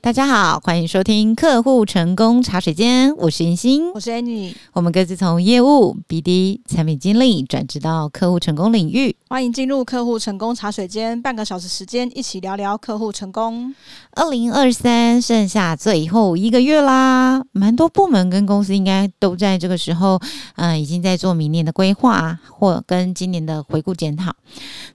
大家好，歡迎收聽客戶成功茶水間，我是銀心，我是 Annie，我們各自從業務、BD、產品經理轉職到客戶成功領域，歡迎進入客戶成功茶水間，半個小時時間一起聊聊客戶成功。二零二三剩下最後一個月啦，蠻多部門跟公司應該都在這個時候，嗯、呃，已經在做明年的規劃或跟今年的回顧檢討。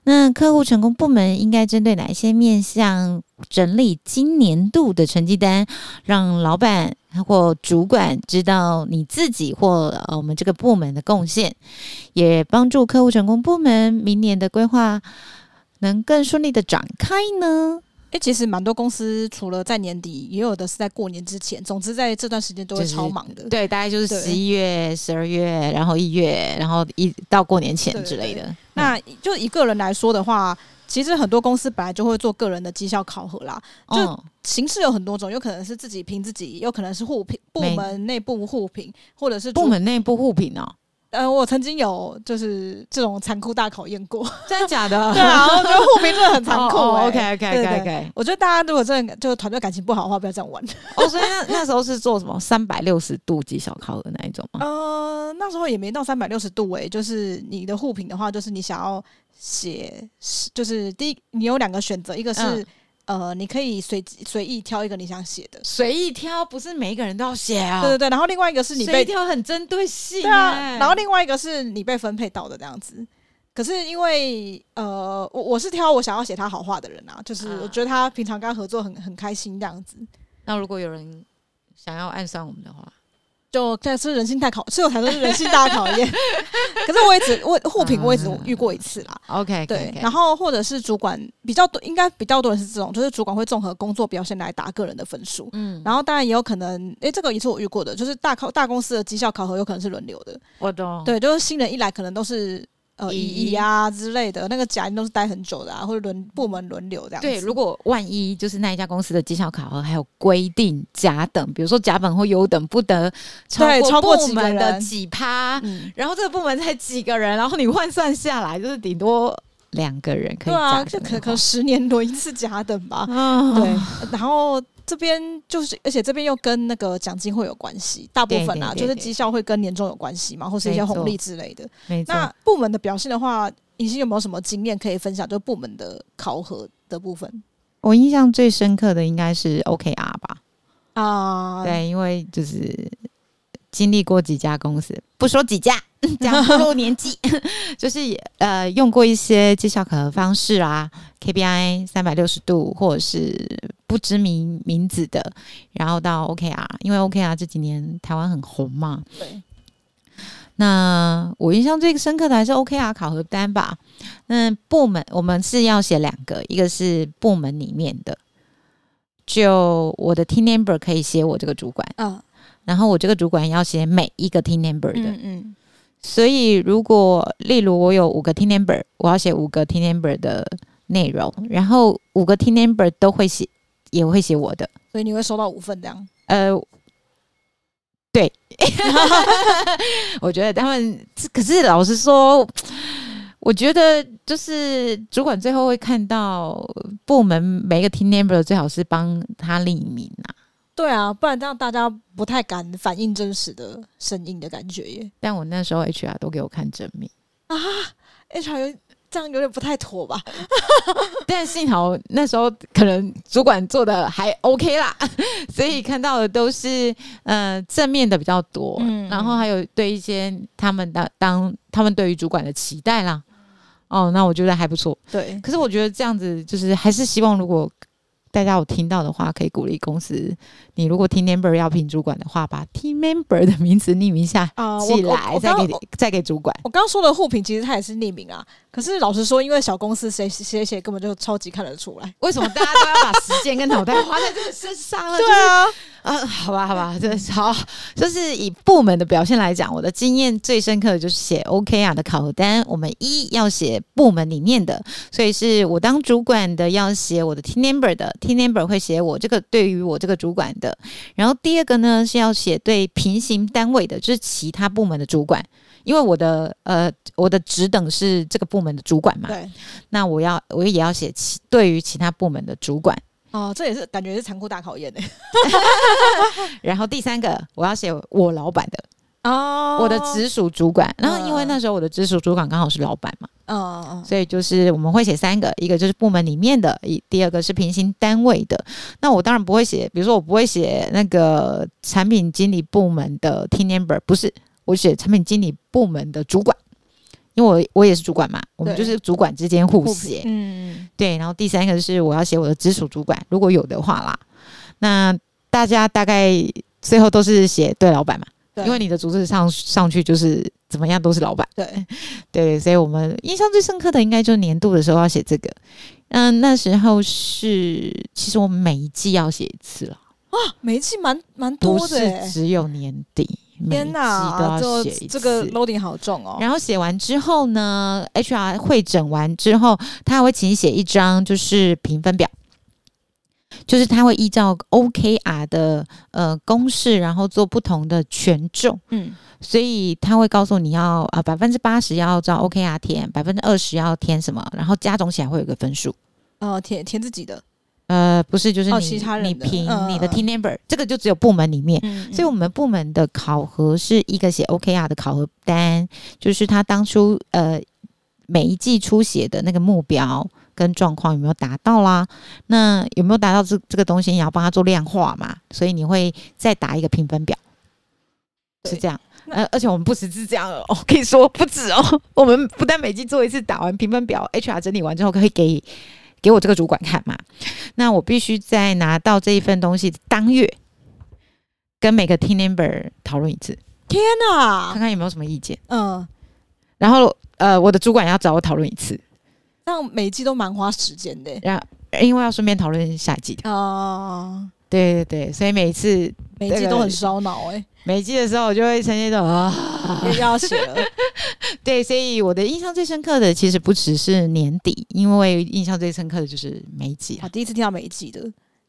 那客戶成功部門應該針對哪一些面向？整理今年度的成績單，讓老板或主管知道你自己或我們這個部門的貢獻，也幫助客戶成功部門明年的規劃能更順利的展開呢。哎、欸，其實蠻多公司除了在年底，也有的是在過年之前。總之在這段時間都會超忙的。就是、對，大概就是十一月、十二月，然後一月，然後一到過年前之類的。嗯、那就一個人來說的話。其實很多公司本來就會做個人的績效考核啦，就形式有很多種，有可能是自己評自己，有可能是互評，部門內部互評，或者是部門內部互評哦。嗯、呃，我曾經有就是這種殘酷大考驗過，真的假的？ 對啊，我覺得互評真的很殘酷、欸。Oh, oh, OK OK OK OK，我覺得大家如果真的就是團隊感情不好的話，不要這樣玩。 哦，所以那那時候是做什麼三百六十度績效考的那一種嗎？呃，那時候也沒到三百六十度誒、欸，就是你的互評的話，就是你想要寫，就是第一，你有兩個選擇，一個是、嗯。呃，你可以隨隨意挑一個你想寫的，隨意挑不是每一個人都要寫啊。對對對，然後另外一個是你被隨意挑很針對性、欸，對啊。然後另外一個是你被分配到的這樣子。可是因為呃，我我是挑我想要寫他好話的人啊，就是我覺得他平常跟他合作很很開心這樣子、啊。那如果有人想要暗算我們的話，就但是人性太考，最後才是人性大考驗。 可是我也只我互評我也只遇過一次啦，uh, okay, okay,，OK，對，然後或者是主管比較多，應該比較多人是這種，就是主管會綜合工作表現來打個人的分數，嗯，然後當然也有可能，誒、欸，這個也是我遇過的，就是大考大公司的績效考核有可能是輪流的，我懂，對，就是新人一來可能都是。呃，乙乙啊之類的，那個甲應都是待很久的啊，或者輪部門輪流這樣。對，如果萬一就是那一家公司的績效考核還有規定甲等，比如說甲等或優等不得超過部門的幾趴，嗯，然後這個部門才幾個人，然後你換算下來就是頂多兩個人可以甲等，對啊，就可可十年輪一次甲等吧。嗯， 對，然後。這邊就是，而且這邊又跟那個獎金會有關係，大部分啊，就是績效會跟年終有關係嘛，或是一些紅利之類的。那部門的表現的話，你先有沒有什麼經驗可以分享？就是、部門的考核的部分，我印象最深刻的應該是 OKR 吧。啊、呃，對，因為就是經歷過幾家公司，不說幾家，講不夠年紀， 就是呃，用過一些績效考核方式啊，KPI、三百六十度，或者是。不知名名字的，然後到 OKR，、OK 啊、因為 OKR、OK 啊、這幾年台灣很紅嘛。對。那我印象最深刻的還是 OKR、OK 啊、考核單吧。那部門我們是要寫兩個，一個是部門裡面的，就我的 team member 可以寫我這個主管，嗯、哦，然後我這個主管要寫每一個 team member 的，嗯,嗯所以如果例如我有五個 team member 我要寫五個 team member 的內容、嗯，然後五個 team member 都會寫。也會寫我的，所以你會收到五份這樣。呃，對， 我覺得他們，可是老實說，我覺得就是主管最後會看到部門每一個 team member 最好是幫他匿名啊。對啊，不然這樣大家不太敢反映真實的聲音的感覺耶。但我那時候 HR 都給我看證明啊，HR 有。這樣有點不太妥吧。 但幸好那時候可能主管做得還 OK 啦，所以看到的都是嗯、呃、正面的比較多，嗯，然後還有對一些他們的當他們對於主管的期待啦，哦，那我覺得還不錯，對，可是我覺得這樣子就是還是希望如果。大家有聽到的話，可以鼓勵公司。你如果 team member 要評主管的話，把 team member 的名字匿名一下寄、呃、來，再給再給主管。我剛說的互評，其實他也是匿名啊。可是老實說，因為小公司寫，誰誰寫根本就超級看得出來。為什麼大家都要把時間跟腦袋花在這個身上了？ 就是、對啊。嗯、啊，好吧，好吧，這是好，就是以部門的表現來講，我的經驗最深刻的就是寫 OKR、OK 啊、的考核單。我們一要寫部門裡面的，所以是我當主管的要寫我的 team member 的 team member 會寫我這個對於我這個主管的。然後第二個呢是要寫對平行單位的，就是其他部門的主管，因為我的呃我的職等是這個部門的主管嘛，對，那我要我也要寫其對於其他部門的主管。哦，這也是感覺是殘酷大考驗呢？欸。 然後第三個，我要寫我老板的哦，我的直屬主管，嗯。然後因為那時候我的直屬主管剛好是老板嘛，嗯，所以就是我們會寫三個，一個就是部門裡面的，一第二個是平行單位的。那我當然不會寫，比如說我不會寫那個產品經理部門的 team member，不是，我寫產品經理部門的主管。因為我我也是主管嘛，我們就是主管之間互寫，嗯，對。然後第三個是我要寫我的直屬主管，如果有的話啦。那大家大概最後都是寫對老板嘛，對，因為你的直屬上上去就是怎麼樣都是老板。對對，所以我們印象最深刻的應該就是年度的時候要寫這個。嗯，那時候是其實我每一季要寫一次了啊，每一季蠻蠻多的，是只有年底？天哪！就、啊、這，這個 loading 好重哦。然後寫完之後呢，HR 彙整完之後，他會請你寫一張就是評分表，就是他會依照 OKR 的呃公式，然後做不同的權重。嗯，所以他會告訴你要啊百分之八十要照 OKR 填，百分之二十要填什麼，然後加總起來會有個分數。哦、呃，填填自己的。呃，不是，就是你、哦、你評你的 team member、呃、這個就只有部門裡面、嗯。所以我們部門的考核是一個寫 OKR 的考核單，就是他當初呃每一季初寫的那個目標跟狀況有沒有達到啦？那有沒有達到這這個東西，你要幫他做量化嘛？所以你會再打一個評分表，是這樣。而、呃、而且我們不止是這樣哦，可以說不止哦。 我們不但每季做一次，打完評分表，HR 整理完之後可以給。給我這個主管看嘛，那我必須在拿到這一份東西當月，跟每個 team member 討論一次。天吶，看看有沒有什麼意見。嗯、呃，然後呃，我的主管要找我討論一次，那每一季都蠻花時間的。然，因為要順便討論下一季的。哦、呃。對對對，所以每一次每一季都很燒腦哎。每季的時候我就會呈現這種啊，要寫了。 對，所以我的印象最深刻的其實不只是年底，因為印象最深刻的就是每一季。好，第一次聽到每一季的。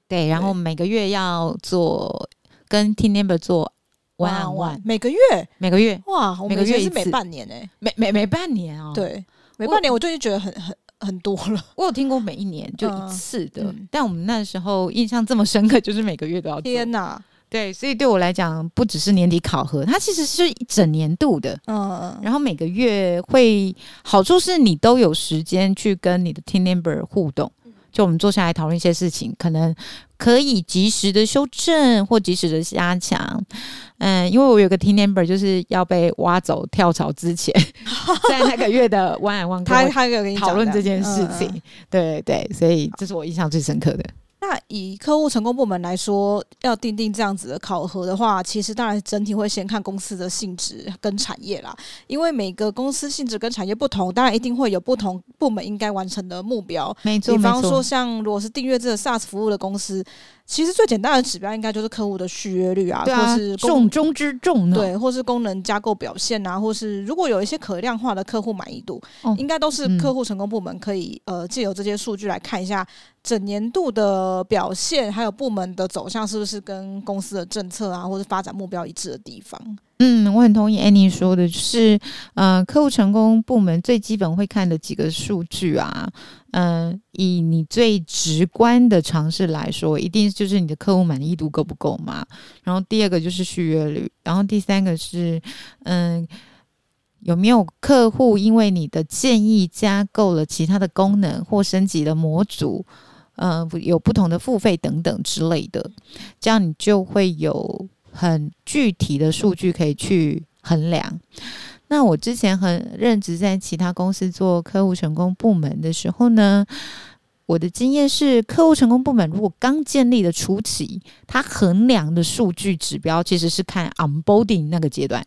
對，然後每個月要做跟 team member 做 one on one，每個月，每個月，哇，每個月我每是每半年哎、欸，每每每半年啊、喔，對，每半年我最近覺得很很。很多了，我有聽過每一年就一次的。嗯，但我們那時候印象這麼深刻，就是每個月都要。天吶。對，所以對我來講，不只是年底考核，它其實是一整年度的。嗯嗯，然後每個月會好處是，你都有時間去跟你的 team member 互動，就我們坐下來討論一些事情，可能。可以及時的修正或及時的加強，嗯，因為我有個 team member 就是要被挖走跳槽之前，哈哈哈哈在那個月的 one and one，go, 他他有跟你討論這件事情，嗯，對對對，所以這是我印象最深刻的。那以客戶成功部門來說，要訂定這樣子的考核的話，其實當然整體會先看公司的性質跟產業啦，因為每個公司性質跟產業不同，當然一定會有不同部門應該完成的目標。沒錯，比方說像如果是訂閱這個 SaaS 服務的公司。其實最簡單的指標應該就是客戶的續約率啊，或是重中之重呢對，或是功能加購表現啊，或是如果有一些可量化的客戶滿意度，哦、應該都是客戶成功部門可以、嗯、呃借由這些數據來看一下整年度的表現，還有部門的走向是不是跟公司的政策啊或是發展目標一致的地方。嗯，我很同意 Annie 說的，就是，呃，客戶成功部門最基本會看的幾個數據啊，嗯、呃，以你最直觀的嘗試來說，一定就是你的客戶滿意度夠不夠嘛。然後第二個就是續約率，然後第三個是，嗯、呃，有沒有客戶因為你的建議加購了其他的功能或升級的模組，嗯、呃，有不同的付費等等之類的，這樣你就會有。很具體的數據可以去衡量。那我之前很任職在其他公司做客戶成功部門的時候呢，我的經驗是，客戶成功部門如果剛建立的初期，他衡量的數據指標其實是看 onboarding 那個階段，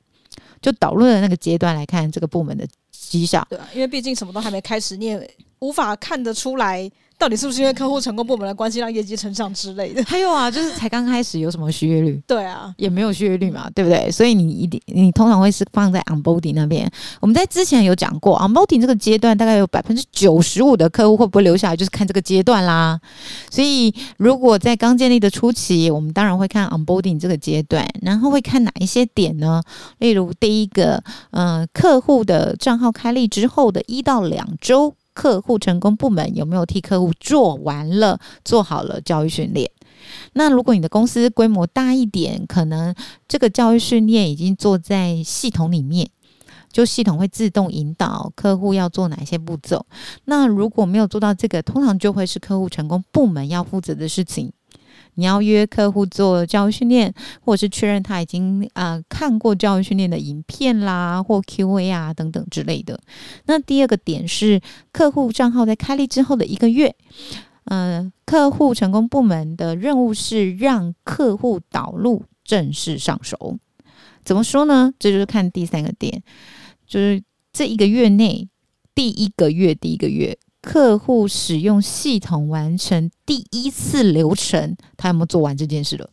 就導入的那個階段來看這個部門的績效。對啊，因為畢竟什麼都還沒開始，你也無法看得出來。到底是不是因為客戶成功部門的關係讓業績成長之類的？還有啊，就是才剛開始有什麼續約率？ 對啊，也沒有續約率嘛，對不對？所以你一定你通常會是放在 onboarding 那邊。我們在之前有講過，onboarding 這個階段大概有百分之九十五的客戶會不會留下來，就是看這個階段啦。所以如果在剛建立的初期，我們當然會看 onboarding 這個階段，然後會看哪一些點呢？例如第一個，嗯、呃，客戶的賬號開立之後的一到兩週。客戶成功部門有沒有替客戶做完了、做好了教育訓練？那如果你的公司規模大一點，可能這個教育訓練已經做在系統裡面，就系統會自動引導客戶要做哪些步驟。那如果沒有做到這個，通常就會是客戶成功部門要負責的事情。你要約客戶做教育訓練，或者是確認他已經啊、呃、看過教育訓練的影片啦，或 QA 啊等等之類的。那第二個點是客戶賬號在開立之後的一個月，嗯、呃，客戶成功部門的任務是讓客戶導入正式上手。怎麼說呢？這就是看第三個點，就是這一個月內第一個月第一個月。客戶使用系統完成第一次流程，他有沒有做完這件事了？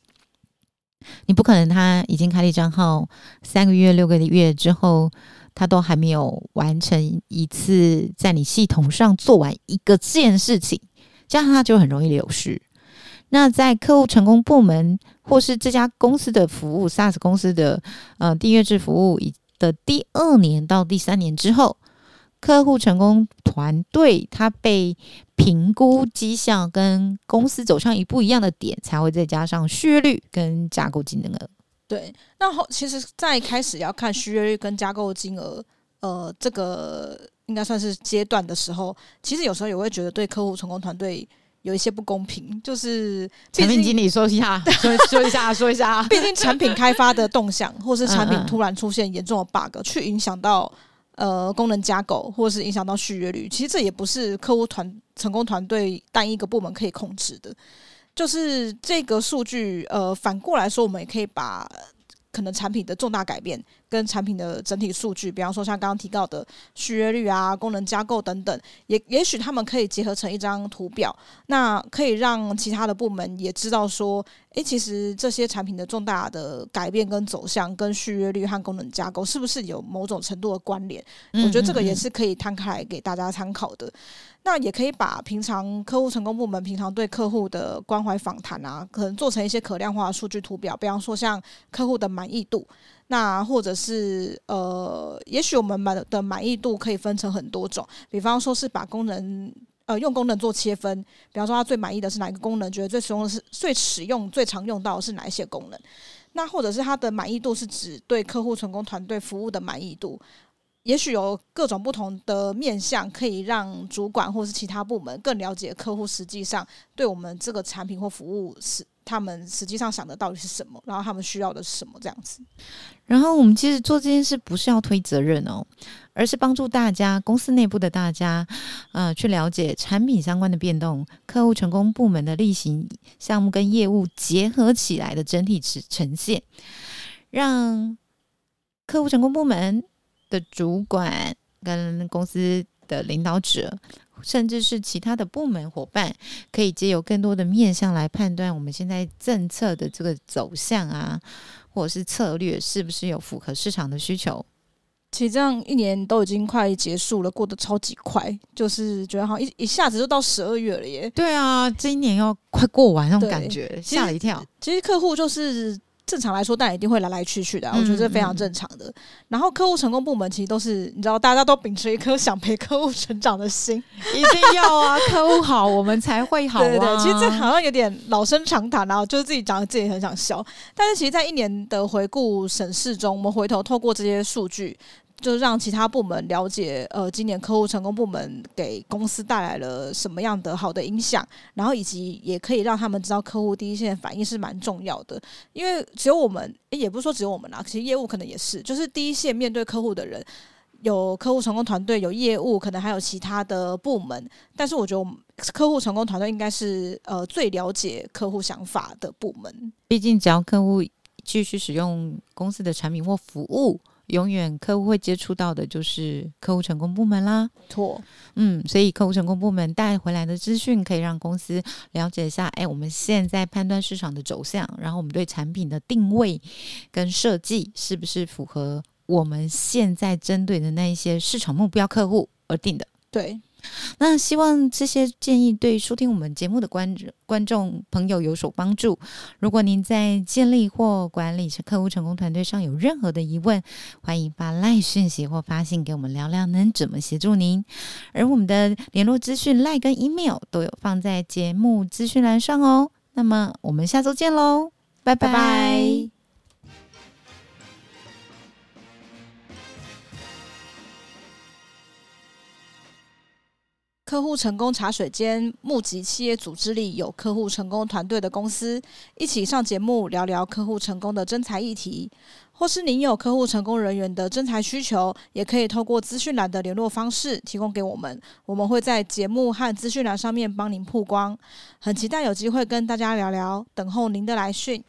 你不可能他已經開立賬號三個月、六個月之後，他都還沒有完成一次在你系統上做完一個件事情，這樣他就很容易流失。那在客戶成功部門或是這家公司的服務 SaaS 公司的呃訂閱制服務的第二年到第三年之後。客戶成功團隊他被評估績效跟公司走向一不一樣的點，才會再加上續約率跟加購金額。對，那後其實，在開始要看續約率跟加購金額，呃，這個應該算是階段的時候。其實有時候也會覺得對客戶成功團隊有一些不公平，就是，畢竟產品經理說一下， 說一下 說一下，說一下、啊。畢竟產品開發的動向，或是產品突然出現嚴重的 bug，去、嗯嗯、影響到。呃，功能加購或者是影響到續約率，其實這也不是客戶團成功團隊單一個部門可以控制的。就是這個數據，呃，反過來說，我們也可以把。可能產品的重大改變跟產品的整體數據，比方說像剛剛提到的續約率啊、功能加購等等，也也許他們可以結合成一張圖表，那可以讓其他的部門也知道說，誒、欸，其實這些產品的重大的改變跟走向、跟續約率和功能加購是不是有某種程度的關聯、嗯？我覺得這個也是可以攤開來給大家參考的。那也可以把平常客戶成功部門平常對客戶的關懷訪談啊，可能做成一些可量化數據圖表，比方說像客戶的滿意度，那或者是呃，也許我們滿的滿意度可以分成很多種，比方說是把功能呃用功能做切分，比方說他最滿意的是哪一個功能，覺得最使用的是最實用最常用到的是哪一些功能，那或者是他的滿意度是指對客戶成功團隊服務的滿意度。也許有各種不同的面向，可以讓主管或是其他部門更了解客戶實際上對我們這個產品或服務是他們實際上想的到底是什麼，然後他們需要的是什麼這樣子。然後我們其實做這件事不是要推責任哦，而是幫助大家公司內部的大家，嗯、呃，去了解產品相關的變動、客戶成功部門的例行項目跟業務結合起來的整體呈呈現，讓客戶成功部門。的主管跟公司的領導者，甚至是其他的部門夥伴，可以借由更多的面向來判斷我們現在政策的這個走向啊，或者是策略是不是有符合市場的需求。其實這樣一年都已經快結束了，過得超級快，就是覺得好像一下子就到十二月了耶。對啊，這一年要快過完那種感覺，嚇了一跳。其實客戶就是。正常來說，但一定會來來去去的，啊嗯，我覺得這是非常正常的。嗯、然後，客戶成功部門其實都是你知道，大家都秉持一顆想陪客戶成長的心， 一定要啊， 客戶好，我們才會好。對對對，其實這好像有點老生常談啊，然後就是自己講自己很想笑。但是，其實在一年的回顧審視中，我們回頭透過這些數據。就讓其他部門了解，呃，今年客戶成功部門給公司帶來了什麼樣的好的影響，然後以及也可以讓他們知道客戶第一線反應是蠻重要的，因為只有我們，誒也不是說只有我們啊，其實業務可能也是，就是第一線面對客戶的人，有客戶成功團隊，有業務，可能還有其他的部門，但是我覺得我們客戶成功團隊應該是呃最了解客戶想法的部門，畢竟只要客戶繼續使用公司的產品或服務。永遠客戶會接觸到的就是客戶成功部門啦，錯，嗯，所以客戶成功部門帶回來的資訊可以讓公司了解一下，哎，我們現在判斷市場的走向，然後我們對產品的定位跟設計是不是符合我們現在針對的那一些市場目標客戶而定的，對。那希望這些建議對收聽我們節目的觀觀眾朋友有所幫助。如果您在建立或管理客戶成功團隊上有任何的疑問，歡迎發 LINE 訊息或發信給我們聊聊，能怎麼協助您。而我們的聯絡資訊 LINE 跟 E-mail 都有放在節目資訊欄上哦。那麼我們下周見嘍，拜拜。Bye bye 客戶成功茶水間，募集企業組織裡有客戶成功團隊的公司，一起上節目聊聊客戶成功的徵才議題。或是您有客戶成功人員的徵才需求，也可以透過資訊欄的聯絡方式提供給我們，我們會在節目和資訊欄上面幫您曝光。很期待有機會跟大家聊聊，等候您的來訊。